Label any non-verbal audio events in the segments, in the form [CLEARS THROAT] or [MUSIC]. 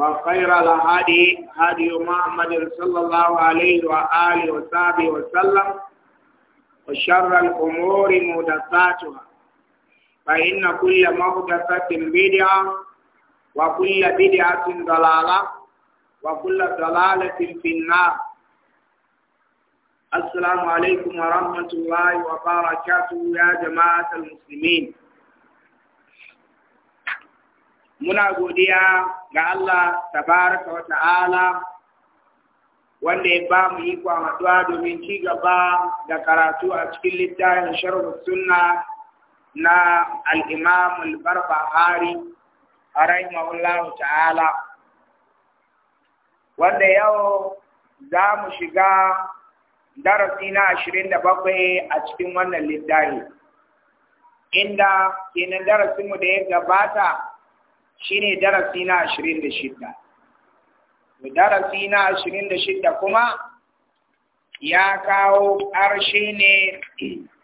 وخير الهادي هدي محمد صلى الله عليه وآله وصحبه وسلم وشر الأمور محدثاتها فإن كل محدثة بدعة وكل بدعة ضلالة وكل ضلالة في النار السلام عليكم ورحمة الله وبركاته يا جماعة المسلمين muna godiya ga Allah tabaraka wa ta'ala wanda ya ba mu yi haɗuwa domin ci gaba da karatu a cikin littafin sharhu sunna na al-imam al-barbahari rahimahullah ta'ala wanda yau za mu shiga darasi na ashirin da bakwai a cikin wannan littafi inda kenan darasinmu da ya gabata shine darasi na 26 darasi na 26 kuma ya kawo ƙarshe ne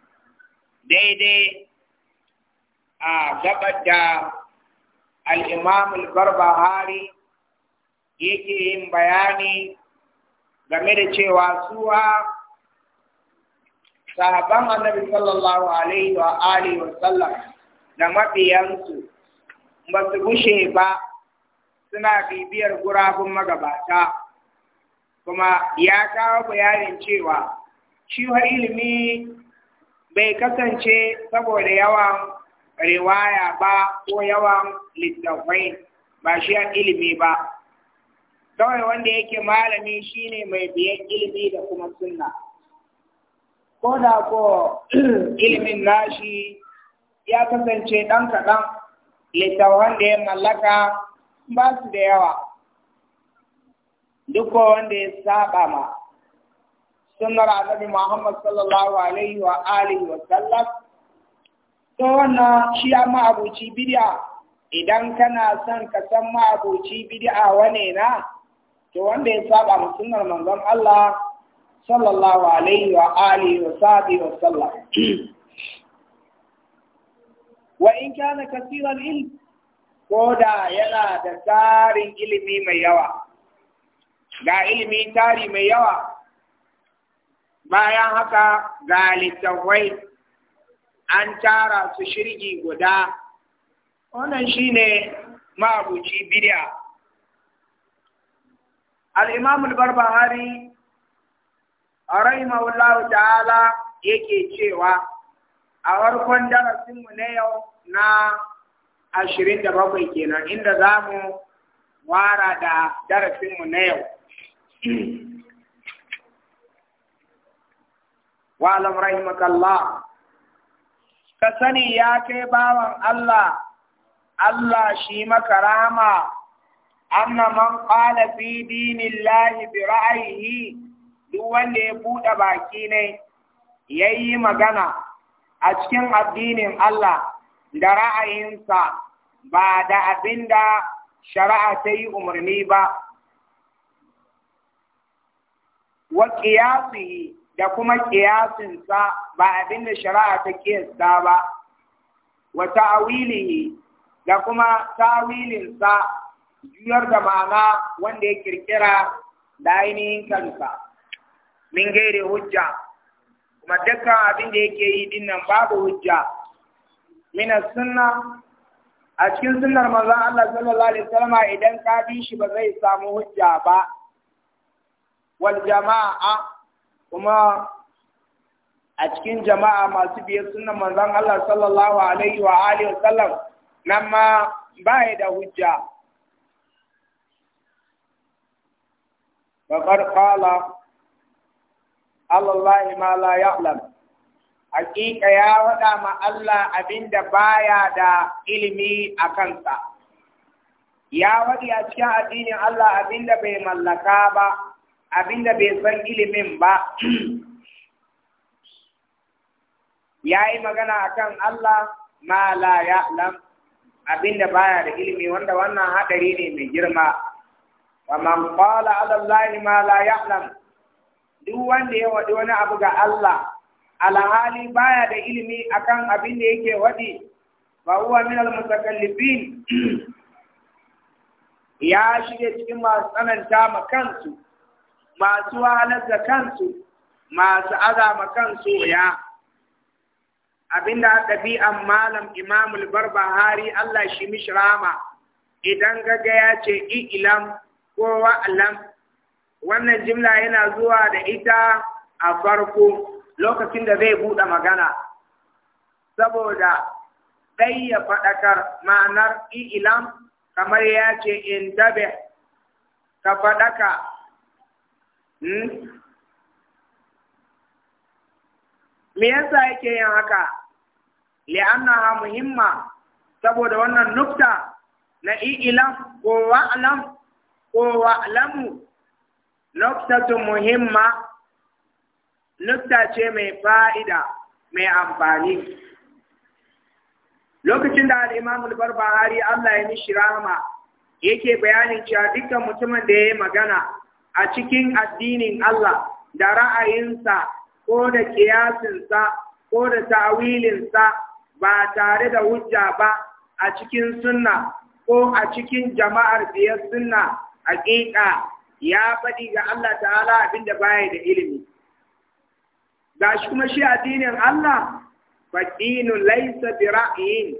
[CLEARS THROAT] daidai a gabar da al'imam al-barbahari yake yin bayani game da cewa suwa sahaban annabi sallallahu alaihi wa alihi wa sallam da mafiyansu ba su gushe ba suna bibiyar gurabun magabata kuma ya kawo bayanin cewa shi ilimi bai kasance saboda yawan riwaya ba ko yawan littafai ba shi ilimi ba kawai wanda yake malami shine mai biyan ilimi da kuma sunna ko da ko [CLEARS THROAT] ilimin nashi ya kasance ɗan kaɗan littafan da ya mallaka ba su da yawa duk wanda ya saba ma sunnar annabi Muhammad sallallahu alaihi wa alihi wa sallam to wannan shi amma abuci bid'a idan kana son ka san ma abuci bid'a wane na to wanda ya saba ma sunnar manzon Allah sallallahu alaihi wa alihi wa sahbihi wa sallam wa in kana kasiran ilm Koda yana da tarin ilimi mai yawa ga ilimi tari mai yawa bayan haka ga littafai an tara su shirgi guda wannan shine ma'abuci bid'a al-imam al-barbahari rahimahullahu ta'ala yake cewa a farkon darasinmu na yau na ashirin da bakwai kenan inda za mu wara da darasinmu na yau. [CLEARS THROAT] Wa'alam rahimakallah, ka sani ya kai bawan Allah, Allah shi maka rahama, anna man qala fi dinillahi bi ra'ayihi duk wanda ya buɗe baki ne, yayi magana. a cikin addinin Allah da ra'ayinsa ba da abin da shari'a ta yi umarni ba wa ƙiyasi da kuma ƙiyasinsa ba abin da shari'a ta ƙiyasta ba wa ta'awilihi da kuma ta'awilinsa juyar da ma'ana wanda ya ƙirƙira da ainihin kansa min gaire hujja madaka abin da yake yi dinnan babu hujja min sunna a cikin sunnar manzon Allah sallallahu alaihi wasallam idan ka bi shi ba zai samu hujja ba wal jama'a kuma a cikin jama'a masu biyar sunnar manzon Allah sallallahu alaihi wa alihi wasallam nan ma ya da hujja فقد قال Allah ma la ya'lam hakika ya wada ma Allah abinda baya da ilimi a kansa ya wadi a cikin addinin Allah abinda bai mallaka ba abinda bai san ilimin ba [CLEARS THROAT] ya yi magana akan Allah ma la ya'lam abinda baya da ilimi wanda wannan hadari ne mai girma wa man qala ala Allah ma la ya'lam duk wanda ya waɗi wani abu ga Allah alhali baya da ilimi akan abin da yake waɗi ba huwa min almutakallifin [CLEARS THROAT] ya shige cikin masu tsananta ma kansu masu wahalar da kansu masu azama kansu ya abinda ɗabi'an malam imamul barbahari Allah shi mishrama idan gaga ya ce ilam ko wa'alam wannan jimla yana zuwa da ita a farko lokacin da zai buɗe magana saboda ɗai ya faɗakar ma'anar ilam kamar ya ce in dabe ka faɗaka hmm? me yasa yake yin haka ha muhimma saboda wannan nukta na ilam ko wa'lam ko wa'lamu nuktatun muhimma nukta ce mai fa'ida mai amfani lokacin da al'imamul barbahari Allah ya mishi rahama yake bayanin cewa dukkan mutumin da ya yi magana a cikin addinin Allah da ra'ayinsa ko da kiyasinsa ko da ta'awilinsa ba tare da hujja ba a cikin sunna ko a cikin jama'ar biyar sunna hakika ya faɗi ga Allah ta'ala abinda baya da ilimi shi kuma shi addinin Allah faɗinu laisa bi ra'yin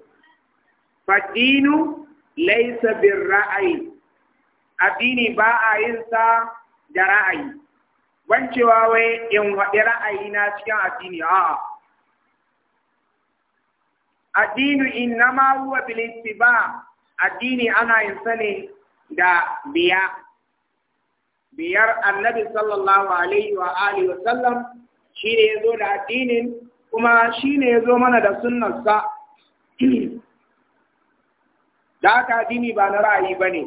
faɗinu laisa bi ra'ayi addini ba a yin sa da ra'ayi ban cewa wai in waɗi ra'ayi na cikin addini a'a addinu innama huwa bil ittiba addini ana yin sa da biya biyar annabi sallallahu alaihi wa alihi wa sallam shi ne ya zo da addinin kuma shi ne ya zo mana da sunnarsa [CLEARS THROAT] da aka addini ba na ra'ayi ba ne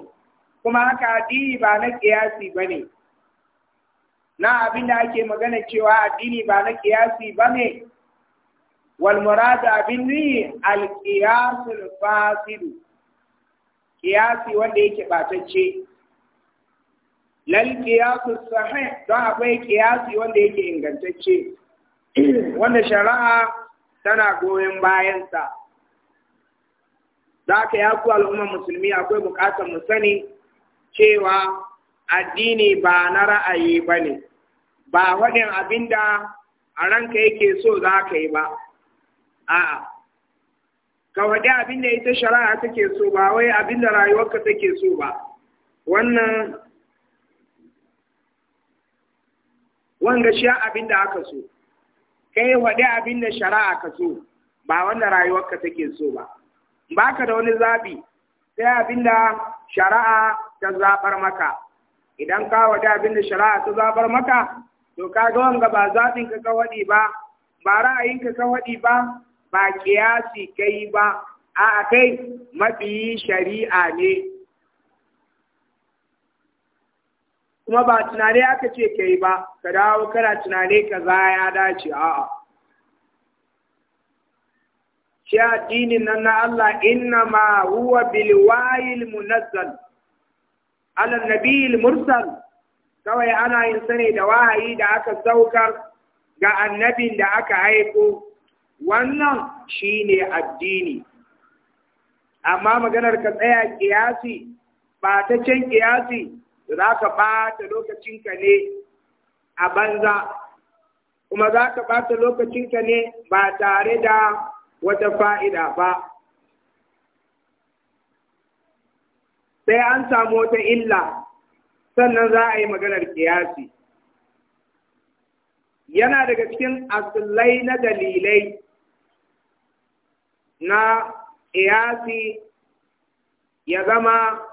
kuma haka addini ba na kiyasi ba ne na abin da ake magana cewa addini ba na kiyasi ba ne abin أبني القياس fasidu. Kiyasi wanda yake batacce lal qiyasu sahih don akwai qiyasi wanda yake ingantacce [CLEARS THROAT] wanda shari'a tana goyon bayansa za ka ya ku al'ummar musulmi akwai bukatar mu sani cewa addini ba na ra'ayi ba ne ba waɗin abin da a ranka yake so za ka yi ba a'a ka waɗi abin da ita shari'a take so ba wai abin da rayuwarka take so ba wannan wanga shi abin da aka so kai wade abin da shari'a ka so ba wanda rayuwarka take so ba ba ka da wani zabi sai abin da shari'a ta zabar maka idan ka wade abin da shari'a ta zabar maka to ka ga wanga ba zaɓin ka ka ba ba ra'ayin ka waɗi ba ba kiyasi kai ba a kai mafi shari'a ne kuma ba tunane aka ce ka yi ba ka dawo kana tunane ka za ya dace a'a shi addinin nan na Allah inna ma huwa bil wayil munazzal ala nabiyil mursal kawai ana yin sane da wahayi da aka saukar ga annabin da aka haiko wannan shine addini amma maganar ka tsaya kiyasi ba ta can kiyasi za ka ɓata lokacinka ne a banza kuma za ka ɓata lokacinka ne ba tare da wata fa'ida ba sai an samu wata illa sannan za a yi maganar kiyasi yana daga cikin asulai na dalilai na kiyasi ya zama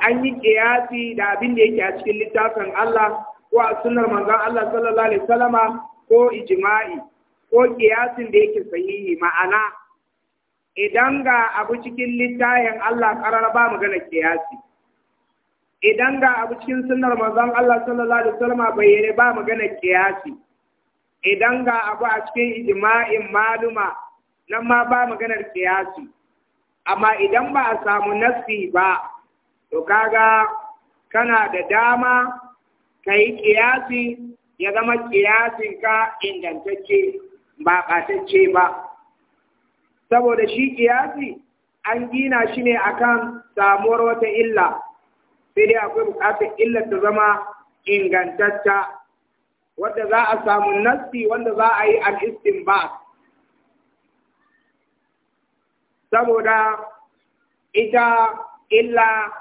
an yi kiyasi da abin da yake a cikin littafin Allah ko a sunar manzan Allah sallallahu alaihi wasallama ko ijma'i ko kiyasin da yake sahihi ma'ana idan ga abu cikin littafin Allah karar ba magana kiyasi idan ga abu cikin sunnar manzan Allah sallallahu alaihi wasallama bayyane ba magana kiyasi idan ga abu a cikin ijma'in maluma nan ma ba maganar kiyasi amma idan ba a samu nassi ba to kaga kana da dama ka yi kiyasi ya zama ka ingantacce ba ɓatacce ba saboda shi kiyasi, an gina shi ne akan samuwar wata illa sai dai akwai buƙatar illar ta zama ingantacce wadda za a samu nasti wanda za a yi al'istin ba saboda ita illa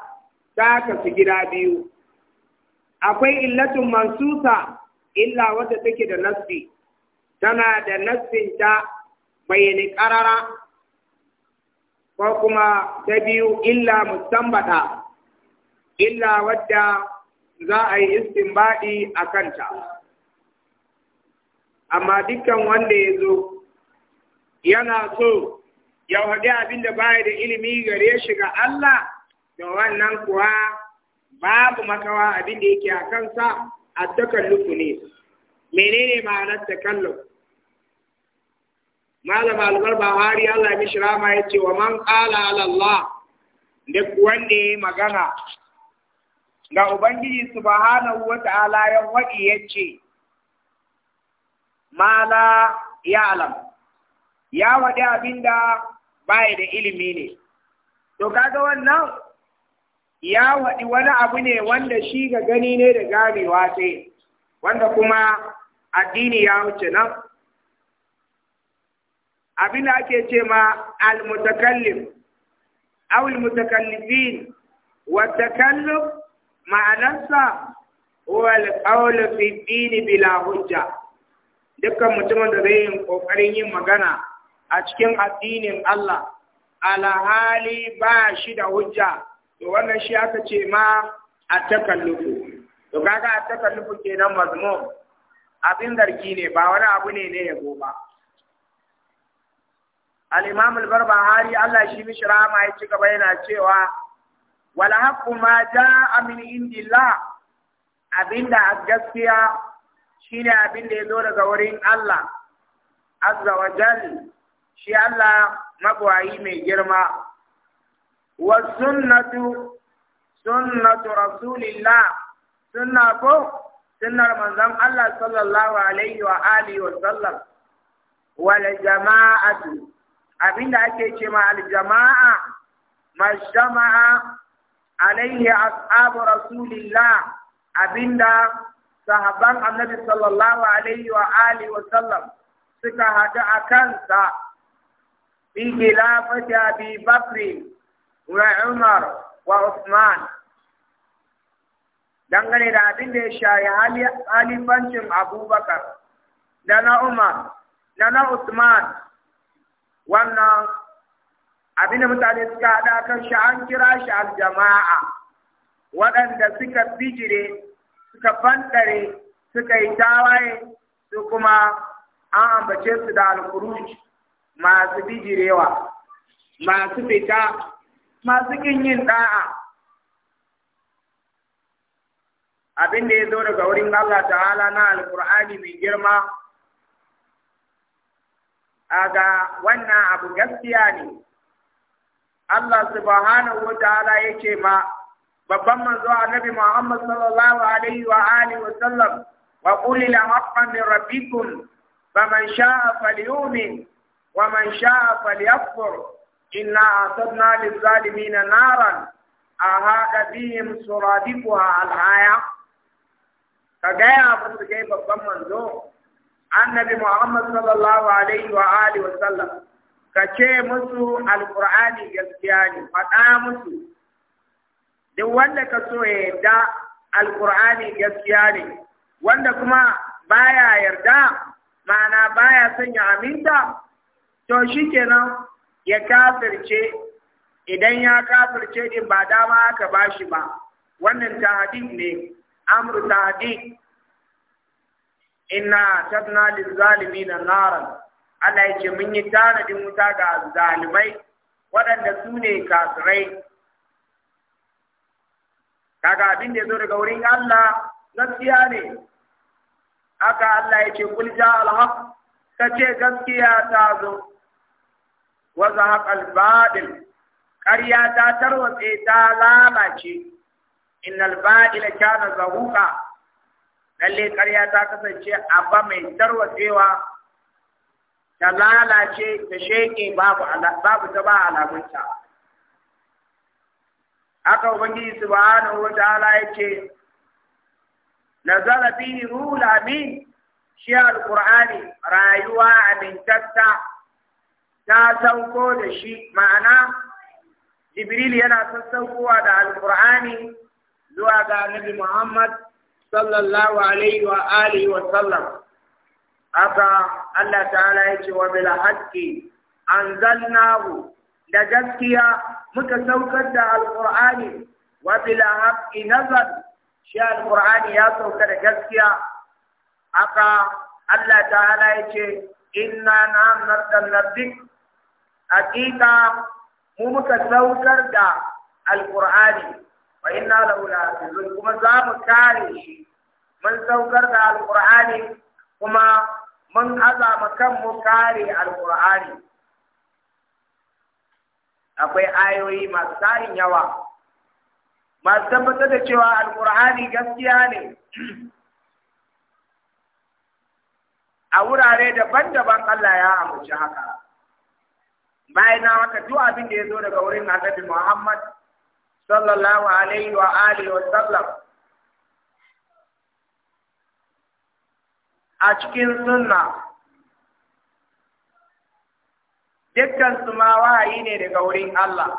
ta kasu gida biyu akwai illatun mansusa illa wadda take da nasbi tana da nasbin ta bayani karara ko kuma ta biyu illa mustambata illa wadda za a yi istinbadi a kanta amma dukkan wanda ya zo yana so ya waɗi abin da baya da ilimi gare shi ga Allah da wannan kuwa babu makawa abin da yake a kansa a takallufu ne menene ma'anar takalluf malam albar bahari Allah ya mishi rama ya ce wa man ƙala ala da duk wanda ya magana ga ubangiji subhanahu wa ta'ala ya waɗi ya ce mala ya alam ya wadi abinda baya da ilimi ne to kaga wannan ya waɗi wani abu ne wanda shi ga gani ne da gamewa ce wanda kuma addini ya wuce nan abin da ake ce ma al-mutakallim al-mutakallifin wa ma'anarsa wal bila hujja dukkan mutumin da zai yi ƙoƙarin yin magana a cikin addinin Allah alhali hali ba shi da hujja to wannan shi aka ce ma a takallufu to kaga a takallufu nan mazmum abin darki ne ba wani abu ne ne yabo ba al-imam al-barbahari Allah shi mishi rahama ya ci gaba yana cewa wal haqqu ma jaa min indillah abin a gaskiya shine abin da ya daga wurin Allah azza wa jalla shi Allah magwayi mai girma Wasu sun natu Rasulillah! suna bo! suna mazan Allah Sallwa alaihi wa'ali wa sallam wani jama'a du. Abin ake cimma aljama'a ma jama'a. Alayhi Asabu Rasulillah! Abin da! Sahaban Annabi Sallwa alaihi wa'ali wa sallam suka hadu a kansa. Igila ma jabi bafin. وعمر Usman? dangane da abin da ya shayi halifancin abubakar da na umar da na usman wannan abin da mutane suka haɗa kan shi an kira shi aljama'a waɗanda suka bijire suka fantare suka yi tawaye su kuma an ambace su da alkuruj masu bijirewa masu fita masu kin yin da'a abin da ya zo daga wurin Allah ta'ala na alkur'ani mai girma a ga wannan abu gaskiya ne Allah subhanahu wa ta'ala ya ce ma babban manzo annabi Muhammad sallallahu alaihi wa alihi wa sallam wa qul lil min rabbikum faman sha'a falyu'min wa man sha'a falyakfur inna a'tadna lizzalimina naran ahada bihim suradiquha alhaya ka gaya musu kai babban manzo annabi muhammad sallallahu alaihi wa alihi wa sallam ka ce musu alqur'ani gaskiya ne faɗa musu duk wanda ka so ya da alqur'ani gaskiya ne wanda kuma baya yarda ma'ana baya sanya ya aminta to shikenan ya kafirce idan ya kafirce din ba dama aka bashi ba wannan tahdid ne amru tahdid inna tadna lil zalimina naran Allah yake mun yi tanadin wuta ga zalimai waɗanda su ne kafirai kaga abin da zo daga wurin Allah gaskiya ne aka Allah yake kul ja al haq kace gaskiya ta zo wa zahaq al ƙarya ta tarwatse ta lalace innal batila kana zahuqa lalle ƙarya ta kasance abba mai tarwatsewa ta lalace ta sheke babu babu ta ba alamunta haka ubangiji subhanahu wa ta'ala yace nazara bihi ruhul amin shi alqur'ani rayuwa amintatta ta sauko da shi ma'ana Jibril yana sassaukowa da Alƙur'ani zuwa ga Annabi Muhammad sallallahu alaihi wa alihi wa sallam haka Allah ta'ala ya ce wa bil haqqi anzalnahu da gaskiya muka saukar da Alƙur'ani wa bil haqqi nazal shi Alƙur'ani ya sauka da gaskiya haka Allah ta'ala ya ce inna na'am nazzalna dhikra hakika mu muka saukar da alkur'ani wa inna lahu lahafizun kuma za mu kare shi mun saukar da alkur'ani kuma mun azama kanmu kare alkur'ani akwai ayoyi masu tarin yawa masu tabbatar da cewa alkur'ani gaskiya ne a wurare daban-daban Allah ya amince haka bayan na haka duk abin da ya zo daga wurin annabi Muhammad sallallahu alaihi wa alihi wa sallam a cikin sunna dukkan su ma wahayi ne daga wurin Allah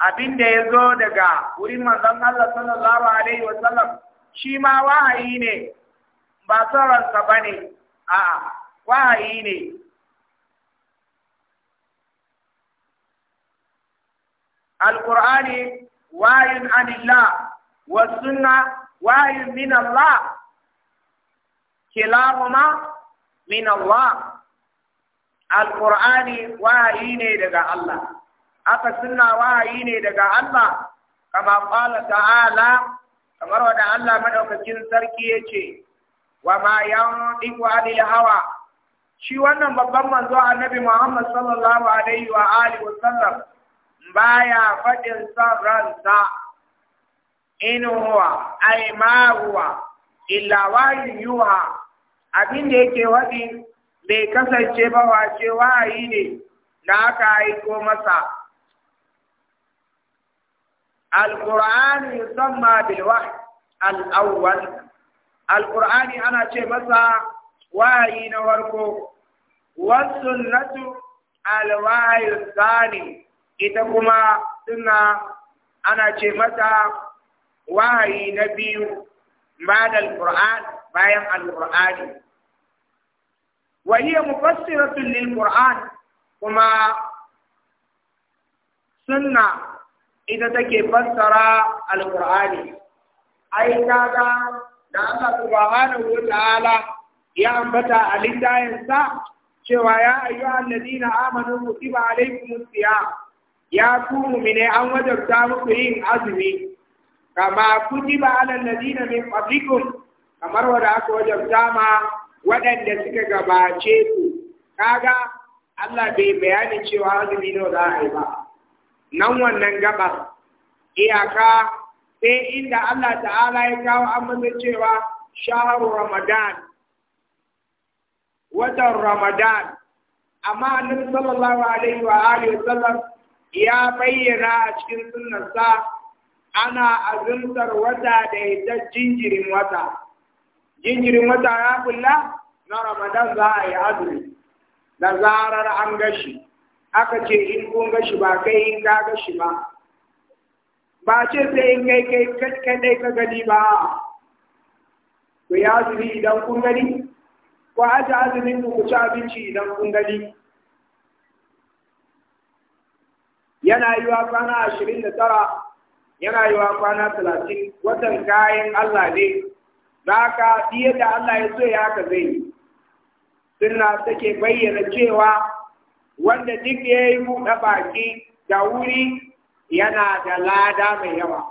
abin da ya zo daga wurin manzon Allah sallallahu alaihi wa sallam shi ma wahayi ne ba sauransa ba ne a'a wahayi ne Alƙur'ani wayun anillah was sunna wayun min Allah kilahuma min Allah alqur'ani wahayi ne daga Allah aka sunna wahayi ne daga Allah ta'ala kamar wanda Allah madaukakin sarki yace wa ma yandiku anil hawa shi wannan babban manzo annabi Muhammad sallallahu alaihi wa alihi wa baya faɗin son ransa in huwa ai ma huwa illa wayin yuha abin da yake waɗi bai kasance ba wace yi ne da aka yi ko masa alƙur'ani yusamma bil wahy al-awwal alƙur'ani ana ce masa wa yi na warko. wasu sunnatu al-wahyu thani ita kuma suna ana ce mata wahayi na biyu ba Qur'an bayan alƙur'ani wa mufassira mufassiratun lil qur'an kuma sunna ita take fassara alƙur'ani ai ga da Allah subhanahu wa ta'ala ya ambata a littafinsa cewa ya ayyuhal ladina amanu kutiba alaykumus siyam ya ku mine an wajabta muku yin azumi kama ba ala alladhina min qablikum kamar wanda aka wajabta ma waɗanda suka gabace ku kaga Allah bai bayani cewa azumi ne za a yi ba nan wannan gabar iyaka sai inda Allah ta'ala ya kawo amma cewa shahru ramadan watan ramadan amma annabi sallallahu alaihi wa alihi wa sallam ya bayyana a cikin sunnarsa ana azumtar wata da ita jinjirin wata jinjirin wata ya kulla na ramadan za a yi azumi da zarar an gashi aka ce in kun gashi ba kai in ka gashi ba ba ce sai in kai kai kadai ka gani ba ku yi azumi idan kun gani ku aje azumin ku ku ci abinci idan kun gani yana yi wa kwana ashirin da tara yana yi wa kwana talatin watan kayan Allah ne za ka fiye da Allah ya so ya ka zai yi sunna take bayyana cewa wanda duk ya yi buɗe baki da wuri yana da lada mai yawa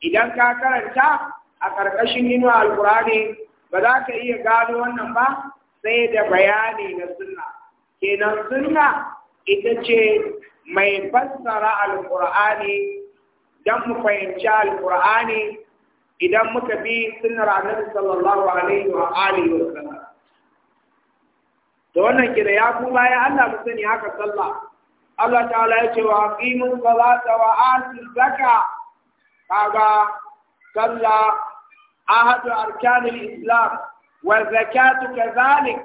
idan ka karanta a ƙarƙashin inuwa alkurani ba za ka iya gano wannan ba sai da bayani na sunna kenan sunna ita ce mai fassara alƙur'ani dan mu fahimci alƙur'ani idan muka bi sunnar annabi sallallahu alaihi wa alihi wa to wannan kira ya ku baya Allah mu sani haka sallah Allah ta'ala ya ce wa aqimu salata wa atu zaka kaga sallah ahadu arkanil islam wa zakatu kadhalik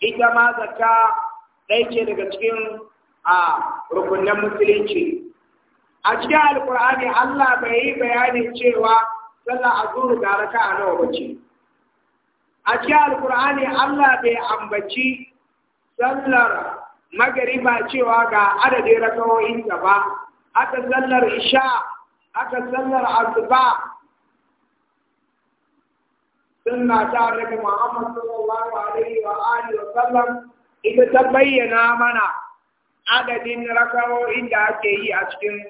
ita ma zakka ɗaya ce daga cikin a rukunan musulunci a cikin alkur'ani Allah bai yi bayanin cewa sallah da raka a nawa bace a cikin alkur'ani Allah bai ambaci sallar magariba cewa ga adadin rakawoyin ba, aka sallar isha aka sallar asuba sunna ta annabi Muhammad sallallahu alaihi wa alihi wa sallam ita ta bayyana mana adadin rakawo inda ake yi a cikin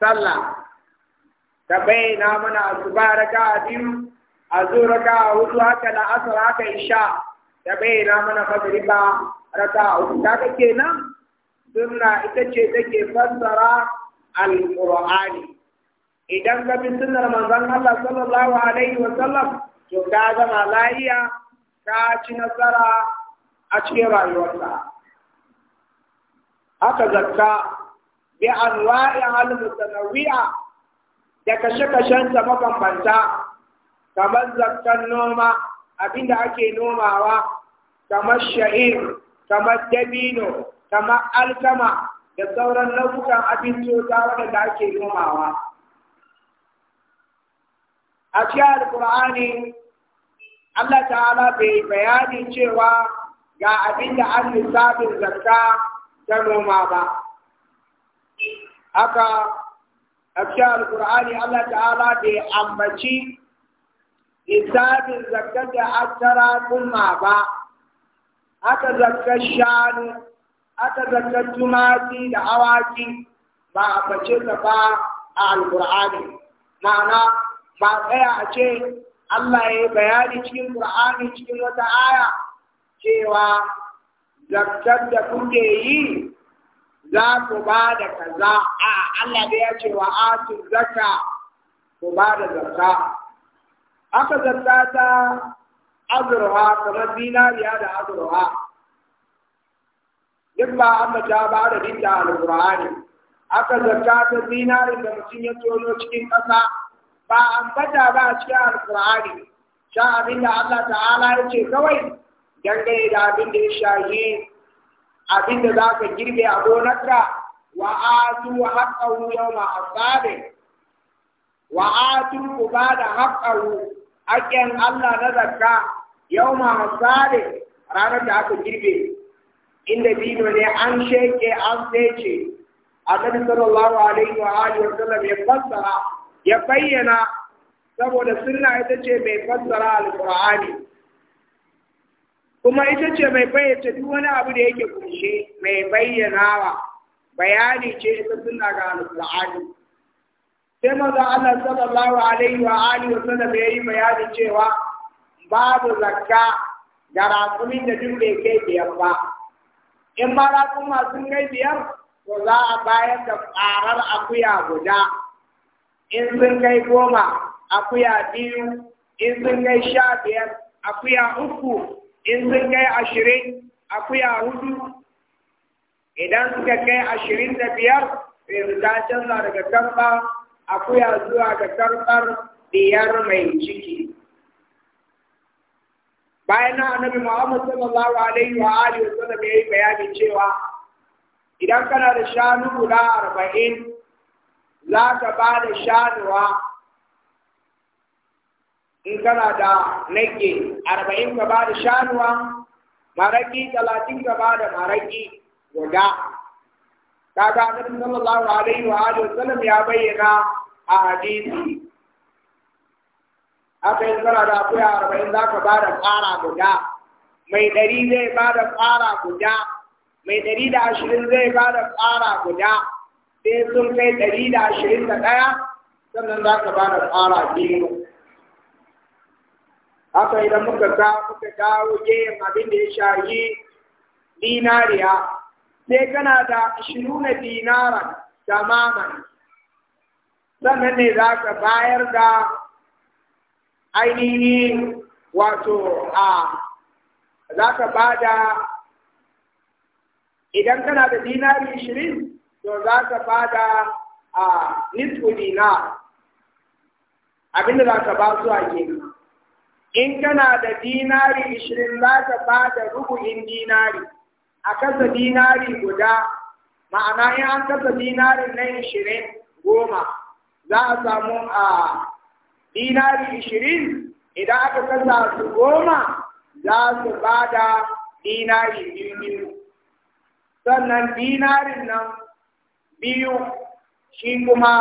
sallah bai na mana asuba a biyu raka a hudu haka na asar haka isha bai na mana raka a hudu ke nan suna ita ce take fassara alqur'ani idan ka bi sunnar manzon Allah sallallahu alaihi wa sallam to ka zama lafiya ka ci nasara a cikin rayuwarsa. haka zakka bi anwa'iha al-mutanawwi'a da kashe-kashen ta mabambanta kamar zakkan noma abinda ake nomawa kamar sha'ir kamar dabino kamar alkama da sauran nau'ukan abincota waɗanda ake nomawa a cikin alkur'ani Allah ta'ala bai bayani cewa ga abinda an lissafin zakka ta noma ba haka a cikin alkur'ani Allah ta'ala bai ya ambaci hisabin zakka da attara kuma ba haka zakkar tumati da awaki ba a bace ta ba a Alƙur'ani. ma'ana ba tsaya a ce Allah ya yi bayani cikin Qur'ani cikin wata aya cewa zakar da kuke yi za ku ba da kaza a Allah da ya ce wa atu zaka ku ba da zakka aka zakka ta azurwa kamar zinariya da azurwa. duk ba an ta ba da dinta alqur'ani aka zakka ta dinari da mutum ya tono cikin ƙasa ba an bata ba a cikin Alƙur'ani. sha abin da Allah ta'ala ya ce kawai dangane da abin da ya shahi abin da za ka girbe a gonarka wa atu wa haqqahu yawma wa Allah na zakka ma hasabe ranar da aka girbe inda dino ne an sheke an fece annabi sallallahu alaihi wa alihi wa sallam ya fassara ya bayyana saboda sunna ita ce mai fassara alqur'ani kuma ita ce mai bayyana duk wani abu da yake kunshe mai bayyanawa bayani ce ita suna ga alƙur'ani sai maza Allah sallallahu alaihi wa alihi wa sallam yayi bayani cewa babu zakka ga rakumin da duk bai kai biyar ba in ba sun kai biyar to za a bayar da karar akuya guda in sun kai goma akuya biyu in sun kai sha biyar akuya uku in sun kai ashirin akuya hudu idan suka kai ashirin da biyar sai ta canza daga tamba akuya zuwa ga karɓar biyar mai ciki bayan na annabi Muhammad sallallahu alaihi wa alihi wa sallam yayi bayani cewa idan kana da shanu guda arba'in za ka ba da shanuwa in kana da nake arba'in ka ba da shanuwa maraki talatin ka ba da maraki guda kaga annabi sallallahu alaihi wa alihi wasallam ya bayyana a hadisi aka yi kana da akuya arba'in za ka ba da tsara guda mai ɗari zai ba da tsara guda mai ɗari da ashirin zai ba da tsara guda sai sun kai ɗari da ashirin da ɗaya sannan za ka ba da tsara biyu haka idan muka ga muka dawo gehen abin da ya shayi dinariya sai kana da dinara da tamaman sannan ne za ka bayar da ainihi wato a za ka ba da idan kana da dinari shirin to za ka ba da a nisfu dinar abinda za ka ba su a kenan in kana da dinari ishirin za ta ba da rubu'in dinari a kasa dinari guda ma'ana in an kasa dinarin na ishirin goma za a samu a dinari ishirin idan aka kasa su goma za su ba da dinari biyu sannan dinarin nan biyu shi kuma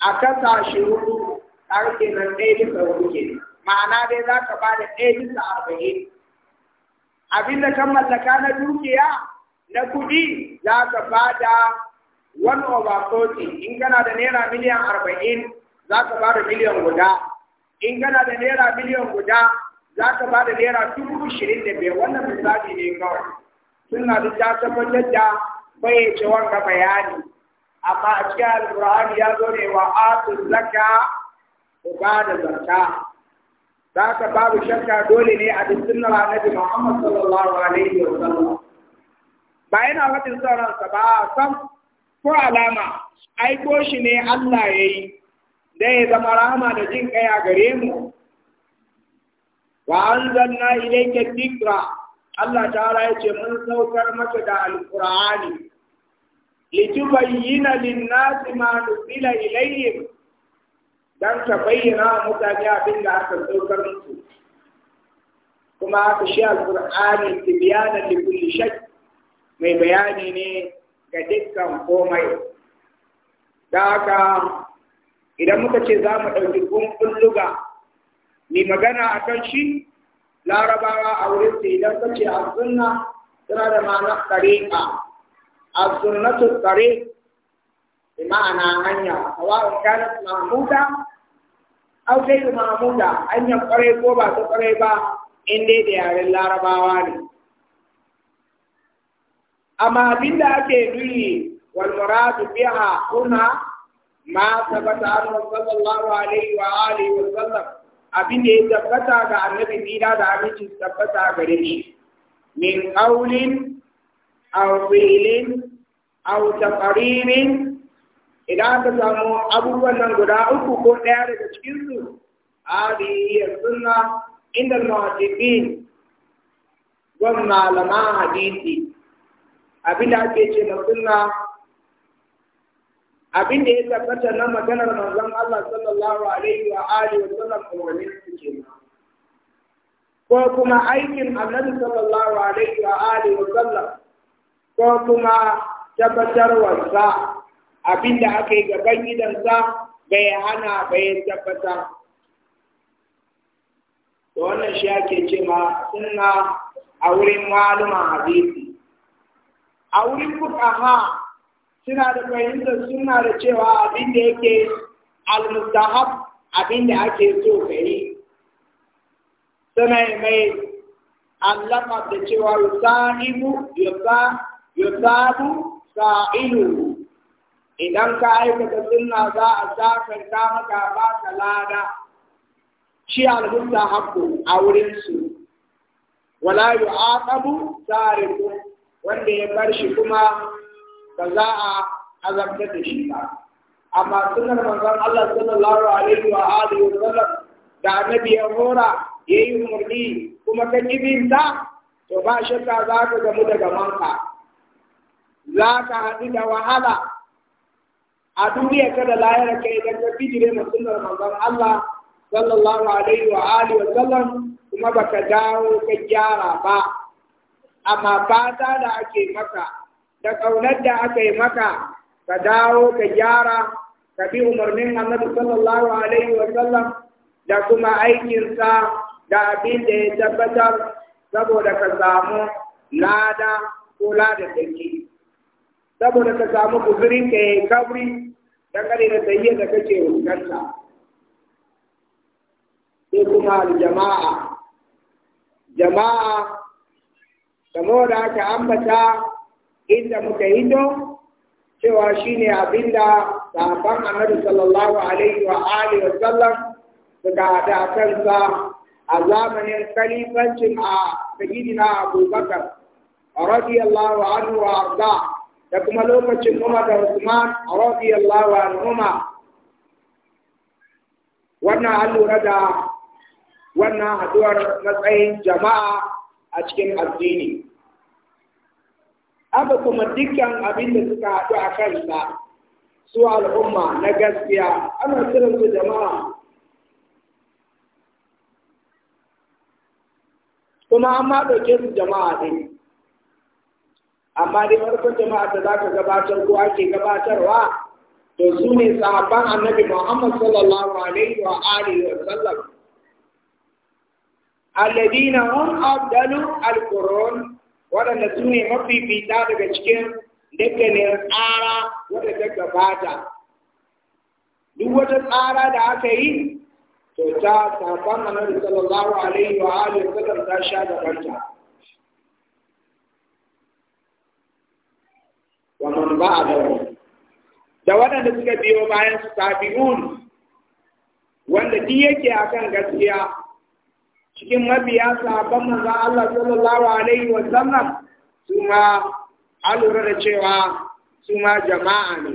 a kasa shi hudu har nan ɗaya bisa hudu kenan ma'ana dai za ka ba da ɗaya bisa arba'in abin da kan mallaka na dukiya na kuɗi za ka ba da one over forty in kana da naira miliyan arba'in za ka ba da miliyan guda in kana da naira miliyan guda za ka ba da naira dubu ishirin da biyar wannan misali ne kawai suna da ta tabbatar da bayyace wanga bayani amma a cikin alƙur'ani ya zo ne wa atu zaka ku ba da zakka haka babu shakka dole ne a duk sunnar annabi Muhammad sallallahu alaihi wa sallam ba yana wata son ransa ba san ko alama aiko shi ne Allah yayi da ya zama rahama da jin kaya gare mu wa anzalna ilayka dhikra Allah ta'ala ya ce mun saukar maka da alqur'ani litubayyana lin-nasi ma nuzila ilayhim don ta bayyana wa mutane abin da aka saukar musu kuma aka shi alƙur'ani tibyana da kulli shak mai bayani ne ga dukkan komai da haka idan muka ce za mu ɗauki kullulluga mai magana a kan shi larabawa a wurin su idan ka ce a sunna tana da ma'ana ɗariƙa a sunnatu tsare? bi ma'ana hanya sawa'un kanat mahmuda aw sai mamuda anyan kwarai ko ba ta kwarai ba in dai da yaren larabawa ne amma abinda ake nuni wal muradu biha kuna ma sabata annabi sallallahu alaihi wa alihi wa sallam abin da ya tabbata ga annabi dina da aminci tabbata gare shi min qawlin aw fi'lin aw taqririn idan aka samu abubuwan nan guda uku ko ɗaya daga cikinsu hadi ya sunna inda muhaddithin wan malaman hadisi abin da ake ce na sunna abin da ya tabbata na maganar manzon Allah sallallahu alaihi wa alihi wa sallam umarnin su ko kuma aikin annabi sallallahu alaihi wa alihi wa sallam ko kuma tabbatarwarsa abin da aka yi gaban gidansa bai hana bai tabbata da wannan shi ake ce ma suna a wurin maluma hadisi a wurin fuqaha suna da fahimtar suna da cewa abin da yake al-mustahab abin da ake so kai suna mai allama da cewa yusahibu yusabu sa'ilu idan ka aikata sunna za a zakarta maka ba ka lada shi alhunta haƙƙo a wurin su wala yu'aqabu tariku wanda ya bar shi kuma ba za a azabta da shi ba amma sunan manzon Allah sallallahu alaihi wa alihi wa sallam da annabi ya hora yayi umarni kuma ka kibinta to ba shakka za ka gamu daga manka za ka haɗu da wahala a duniya kada lahira ka idan ka bijire ma sunnar manzon Allah sallallahu alaihi wa alihi wa sallam kuma baka dawo ka gyara ba amma fata da ake maka da kaunar da aka yi maka ka dawo ka gyara ka bi umarnin Annabi sallallahu alaihi wa sallam da kuma aikinsa da abin da ya tabbatar saboda ka samu lada ko lada take saboda ka samu guzurin ka yayi kabri dangane da tayyar da kake rukanta sai kuma jama'a jama'a kamar da aka ambata inda muka hito cewa shine da sahabban annabi sallallahu alaihi wa alihi wa sallam suka hada kansa a zamanin kalifancin a sayyidina abubakar radiyallahu anhu wa arda da kuma lokacin Umar da Usman radiyallahu anhuma wannan an lura da wannan haduwar matsayin jama'a a cikin addini aka kuma dukkan abin da suka haɗu a kansa su al'umma na gaskiya ana kiran su jama'a kuma an ma ɗauke su jama'a ɗin amma dai farkon jama'a da za ka gabatar ko ake gabatarwa to su ne sahabban annabi Muhammad sallallahu alaihi wa alihi wa sallam alladina hum afdalu alqurun wadanda su ne mafifita daga cikin dukkanin tsara wadda ta gabata duk wata tsara da aka yi to ta sahabban annabi sallallahu alaihi wa alihi wa sallam ta sha gabanta wa man ba'dahu da waɗanda suka biyo bayan su wanda duk yake akan gaskiya cikin mabiya sabon manzo Allah sallallahu alaihi wa su ma alura da cewa su ma jama'a ne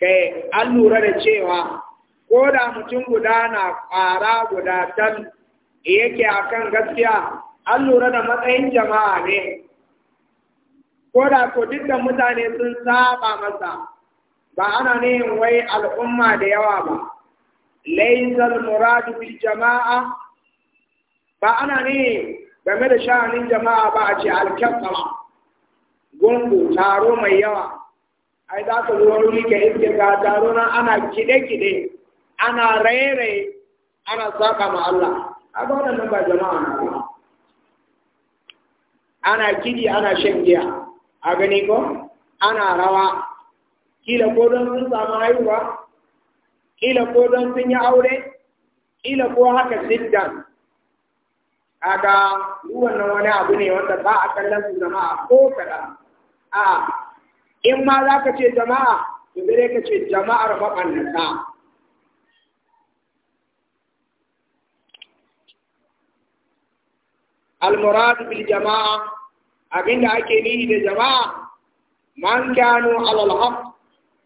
kai an lura da cewa ko da mutum guda na fara guda yake akan gaskiya an lura da matsayin jama'a ne ko da ko dukkan mutane sun saba masa ba ana nihin wai al'umma da yawa ba laisal muradu bil jama'a ba ana ne game da sha'anin jama'a ba a ce alkafa gungu taro mai yawa ai za ka zo wuri ka iske ka taro na ana kide-kide ana raye-raye ana saka ma Allah a ba wannan ba jama'a na ba ana kidi ana shan giya a gani ko ana rawa kila ko don sun samu haihuwa kila ko don sun yi aure kila ko haka siddan kaga duk wannan wani abu ne wanda ba a kallon su jama'a ko kada a in ma za ka ce jama'a to dai ka ce jama'ar nasa المراد بالجماعة أبين أكيني دا جماعة من كانوا على الحق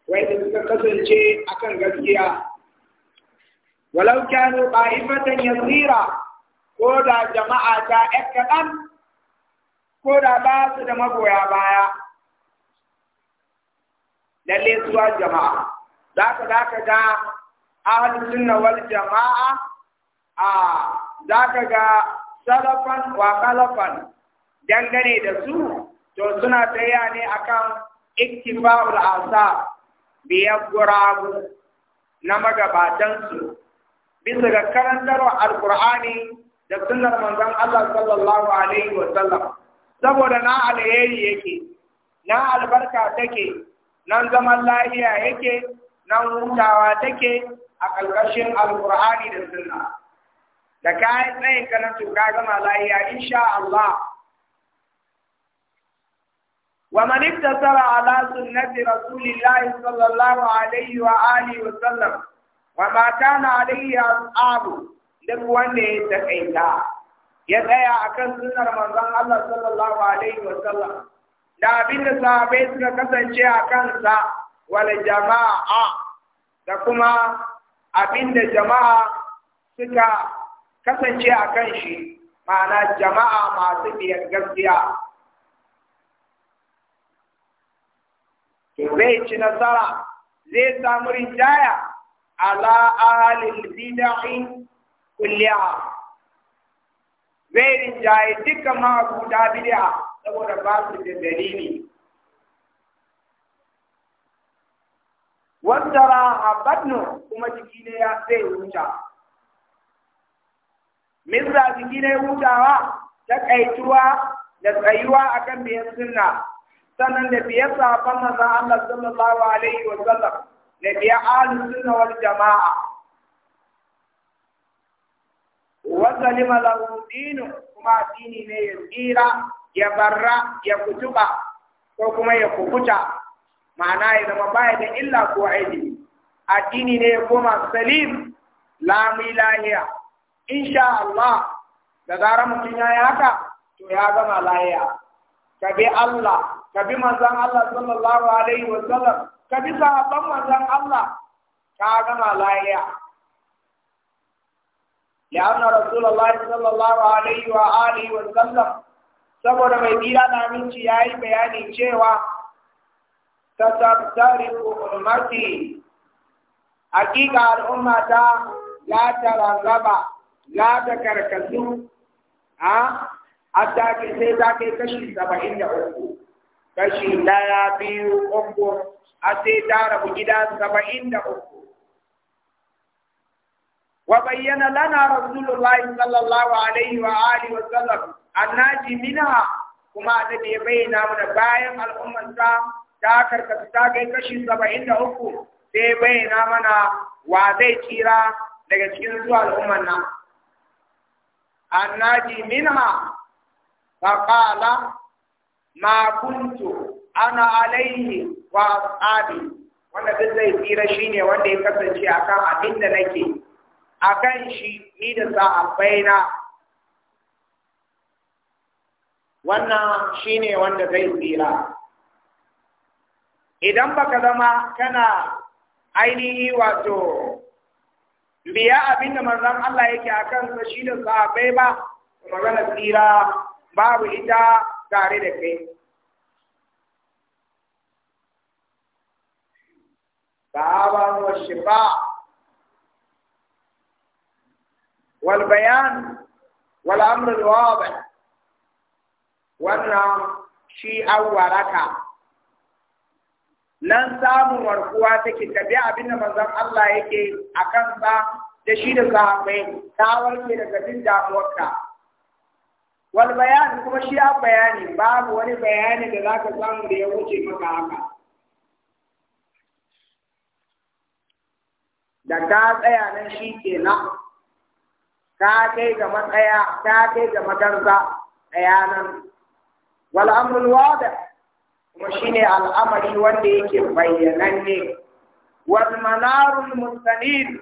وإذا تكسن شيء أكن غزيا ولو كانوا طائفة يصيرة كودا جماعة تا أكدن كودا باس دمبو يا بايا للي سوى الجماعة ذاك ذاك جاء أهل السنة والجماعة آه ذاك salafan wa khalafan dangane da su to suna tsaya ne akan iktiba'ul asa biyar gurabu na su, bisa ga karantar alqur'ani da sunnar manzon Allah sallallahu alaihi wa sallam saboda na alheri yake na albarka take nan zaman lahiya yake nan hutawa take a ƙarƙashin alqur'ani da sunna da kayan tsayin ka na tuka gama lahiya insha Allah wa man iktasara ala sunnati rasulillahi sallallahu alaihi wa alihi wa sallam wa ma kana alaihi ashabu duk wanda ya takaita ya tsaya akan sunnar manzon Allah sallallahu alaihi wa sallam da abin da sahabbai suka kasance a kansa wal jama'a da kuma abin da jama'a suka kasance a kan shi ma'ana jama'a masu biyar gaskiya to zai ci nasara zai samu rinjaya ala ahalil bid'ah kulliya zai rinjaye duka ma'abuta bid'a saboda ba su da dalili wanda ra abadno kuma jiki ne ya zai wuta mirza zafiki ne hutawa ta kaituwa da tsayuwa akan biyar sunna sannan da biyar sahabban manzon Allah sallallahu alaihi wa sallam da biyar ahlus sunna wal jama'a wa salima lahu dinu kuma dini ne ya tsira ya barra ya kutuba ko kuma ya kukuta ma'ana ya zama baya da illa ko aidi addini ne ya koma salim la ilahiya sha Allah da zarar mutum ya yi haka to ya gama layya ka bi Allah ka bi manzon Allah sallallahu alaihi wa sallam ka bi sahabban manzon Allah ka gama lahiya Ya na rasulallah sallallahu alaihi عليه wa وسلم saboda mai dira na minci ya yi bayani cewa ta tattari ummati hakika al'umma ta la tarangaba za ta karkasu a hatta ke sai za ka yi kashi saba'in da uku kashi daya biyu uku a sai ta rabu gida saba'in da uku وبين لنا رسول الله صلى الله عليه وآله وسلم الناجي منها كما الذي بينا من بايم الأمة تاكر كتاك كشي سبعين أكو تبين منا وذي تيرا لكي تنزو الأمة الناجي منها فقال ما كنت أنا عليه وأصحابي Wannan duk zai tsira shi ne wanda ya kasance a kan abin da nake a kan shi ni da na. wannan shi ne wanda zai tsira idan baka zama kana ainihi wato biya abin da manzon Allah yake a kan shi da sahabbai ba magana tsira babu ita tare da kai sahaban wa shifa wal bayan wal amr al wannan shi an waraka nan samun warkuwa take ka bi abin da manzon Allah yake a kansa da shi da sahabbai ta warke daga jin damuwarka wal bayani kuma shi ya bayani babu wani bayani da zaka samu da ya wuce maka haka da ka tsaya nan shi kenan ka kai ga matsaya ka kai ga magarza tsaya nan wal amrul wada. kuma shine al'amari wanda yake bayyananne wal manarul mustanid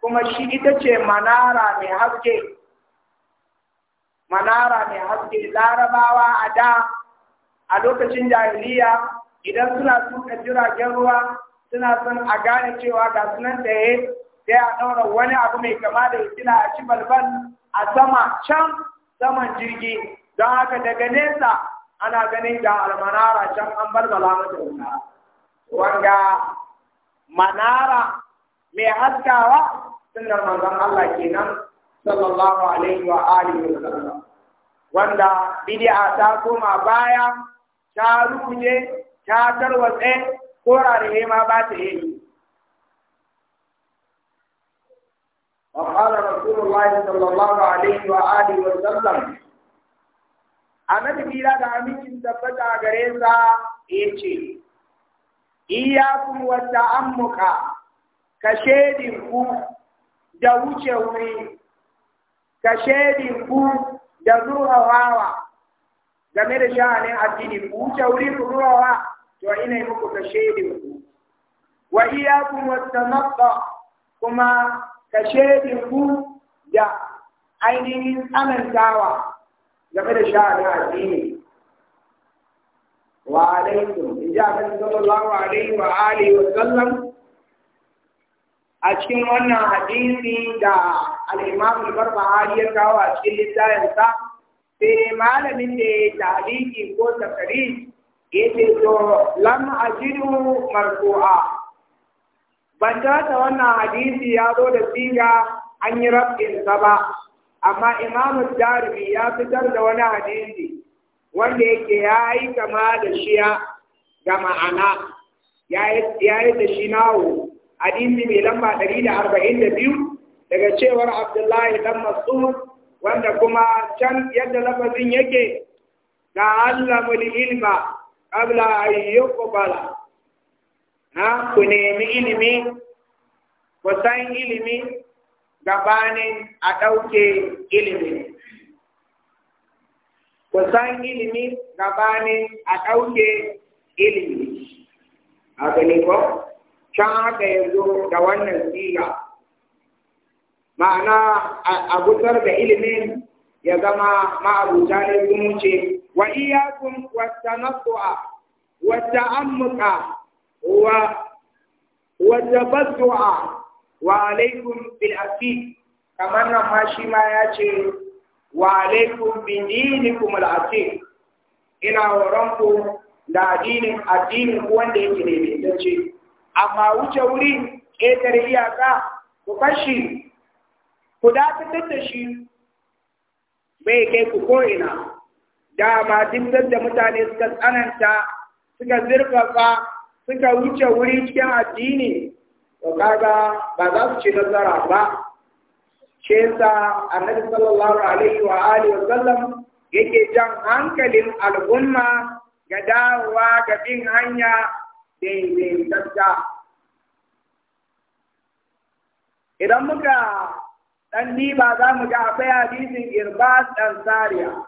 kuma shi ita ce manara mai haske manara mai haske larabawa a da a lokacin jahiliya idan suna tuka jiragen ruwa suna son a gane cewa ga sunan tsaye sai a ɗaura wani abu mai kama da hitila a ci balbal a sama can saman jirgi don haka daga nesa ana ganin ga almanara can an balbala mata wuta wanga manara mai haskawa sunnar manzon Allah kenan sallallahu alaihi wa alihi wa sallam wanda bid'a ta koma baya ta rukuje ta tarwatse korare ma ba ta yi وقال رسول الله صلى الله عليه وآله وسلم annabi kira da amincin tabbata a gare sa yace iyyakum wa ta'ammuka ka shedin ku da wuce wuri ka shedin ku da zuwa game da sha'anin addini ku wuce wuri ku zuwa to ina yi muku ka shedin ku wa iyyakum wa tanaqqa kuma ka shedin ku da ainihin tsanantawa game da sha'anin addini wa alaikum in ji akan sallallahu alaihi wa alihi wa sallam a cikin wannan hadisi da al-imam al-barbahari ya kawo a cikin malamin da ya tahliki ko takari yace to lam ajidu ban wannan hadisi ya zo da siga an rabin ba amma imamu darimi ya fitar da wani hadisi wanda yake ya yi kama da shiya ga ma'ana ya yi da shi nawo hadisi mai lamba ɗari da arba'in da biyu daga cewar abdullahi dan mas'ud wanda kuma can yadda lafazin yake ta'allamu ilma qabla an yuqbala na ku nemi ilimi ku san ilimi gabanin a ɗauke ilimi. Kusan ilimi gabanin a ɗauke ilimi. A gani ko? Can haka ya zo da wannan siga. Ma'ana a gusar da ilimin ya zama ma'abuta ne ce. wa iyakun wata nasu'a wata ammuka wa wata basu'a wa alaikum bil aqiq kamar nan ma shi ma ya ce wa alaikum bi dinikum al aqiq ina waranku da addinin addinin wanda yake ne da ce amma wuce wuri ƙetare iyaka ku fashi ku dakatar da shi bai kai ku ko'ina dama duk da mutane suka tsananta suka zirfafa suka wuce wuri cikin addini to kaga ba za su ci nasara ba shi yasa annabi sallallahu alaihi wa alihi wasallam yake jan hankalin al'umma ga dawowa ga bin hanya daidaitacca idan muka dan ba za mu ga akwai hadisin irbas dan sariya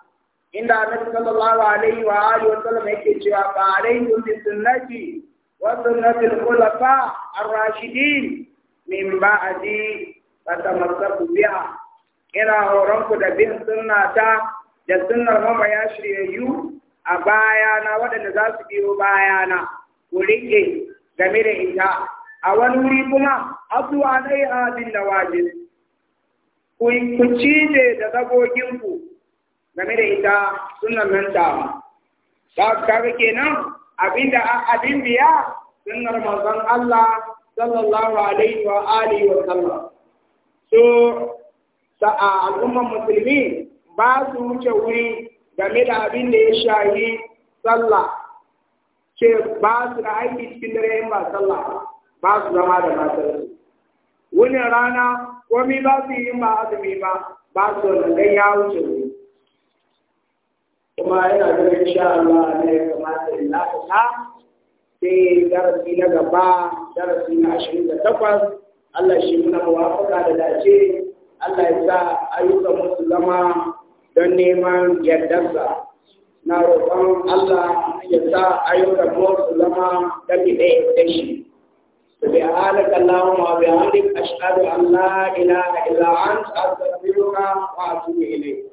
inda annabi sallallahu alaihi wa alihi wasallam yake cewa ba alaihi sunnati وسنة الخلفاء الراشدين من بعد فتمسكوا بها ina horonku da bin sunna da sunnar mama ya shiryayyu a bayana waɗanda za su biyo bayana ku riƙe game da ita a wani wuri kuma asu alai abin da wajib ku ku cije da zagoginku game da ita sunnan nan ta ba kaga kenan abinda a abin biya sunnar manzon Allah sallallahu alaihi wa alihi wa sallam so sa'a al'umman musulmi ba su wuce wuri game da abin da ya shahi sallah ce ba su da aiki cikin dare ba sallah ba su zama da matar wani rana komai ba su yi ba azumi ba ba su da ya wuce wuri kuma yana ganin insha Allah ne ya kamata in lafasa sai darasi na gaba darasi na ashirin da takwas Allah shi muna muwafaka da dace Allah ya sa ayyukan musu zama don neman yardarsa na roƙon Allah ya sa ayyukan musu zama dafi ɗaya da shi. سبحانك اللهم وبحمدك أشهد أن لا إله إلا أنت أستغفرك وأتوب إليك